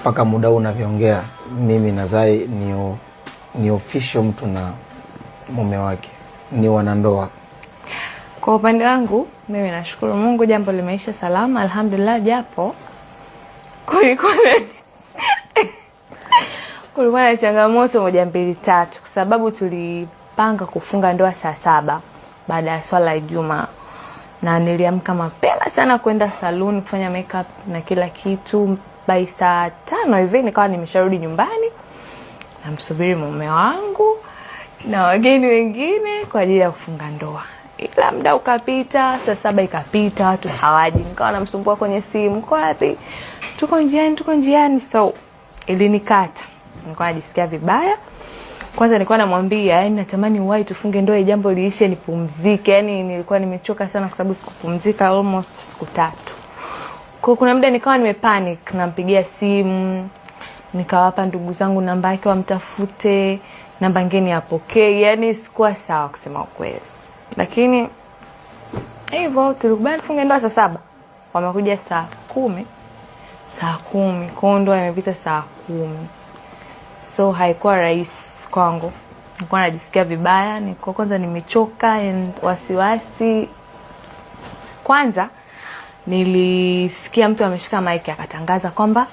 mpaka muda huu unavyoongea mimi na Zai ni, o, ni official mtu na mume wake ni wanandoa. Kwa upande wangu mimi nashukuru Mungu, jambo limeisha salama alhamdulillah, japo kulikuwa kulikuwa na changamoto moja mbili tatu, kwa sababu tulipanga kufunga ndoa saa saba baada ya swala ya juma na niliamka mapema sana kwenda saluni kufanya makeup na kila kitu by saa tano hivi nikawa nimesharudi nyumbani namsubiri mume wangu na wageni wengine kwa ajili ya kufunga ndoa ila muda ukapita, saa saba ikapita, watu hawaji, nikawa namsumbua kwenye simu, kwapi Tuko njiani, tuko njiani. So ilinikata, nilikuwa najisikia vibaya. Kwanza nilikuwa namwambia, yani natamani uwai tufunge ndoa, jambo liishe, nipumzike. Yani nilikuwa nimechoka sana, kwa sababu sikupumzika almost siku tatu kuna muda nikawa nimepanic, nampigia simu nikawapa ndugu zangu namba yake wamtafute, namba ngeni apokee. Yani sikuwa sawa kusema ukweli, lakini hivyo tulikubali tufunge ndoa saa saba, wamekuja saa kumi saa kumi kwao, ndoa imepita saa kumi, so haikuwa rahisi kwangu. nikuwa najisikia vibaya, nikuwa kwanza nimechoka and wasiwasi kwanza nilisikia mtu ameshika maiki akatangaza kwamba